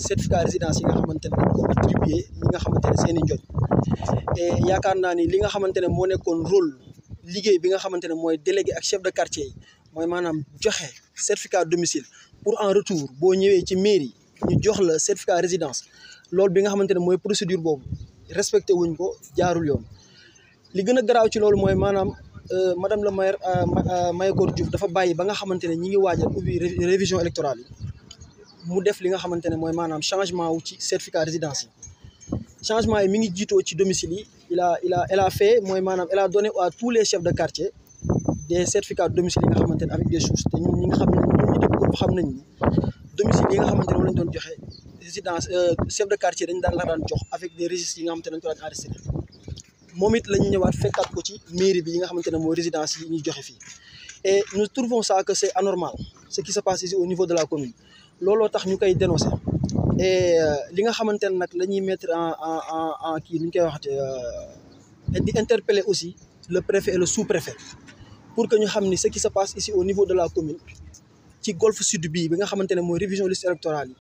certificat résidence yi nga xamante ne dañ ko attribué ñi nga xamante ne seen i njoñ et yaakaar naa ni li nga xamante ne moo nekkoon rôle liggéey bi nga xamante ne mooy délégué ak chef de quartier yi mooy maanaam joxe certificat domicile pour en retour boo ñëwee ci mairie ñu jox la certificat résidence loolu bi nga xamante ne mooy procédure boobu respecté wuñ ko jaarul yoon li gën a garaaw ci loolu mooy maanaam euh, madame le maire euh, euh, Mayakor Diouf dafa bàyyi ba nga xamante ne ñi ngi waajal ubbi révision électorale yi mu def li nga xamantene moy manam changement wu ci certificat résidence changement yi mi ngi jito ci domicile yi il a il a elle a fait moy manam elle a donné à tous les chefs de quartier des certificats de domicile nga xamantene avec des choses. te ñun ñi nga xam ko ni domicile yi nga xamantene ne doon joxe résidence euh, chef de quartier dañ dan la daan jox avec des registres yi nga xamantene dañ ko daan enregistré la ñëwaat fekkat ko ci mairie bi nga xamantene moy résidence yi ñuy joxe fi et nous trouvons ça que c'est anormal ce qui se passe ici au niveau de la commune Lolo tax et euh, li nga mettre aussi le préfet et le sous-préfet pour que nous xamni ce qui se passe ici au niveau de la commune ci golfe sud bi nga xamantene révision liste électorale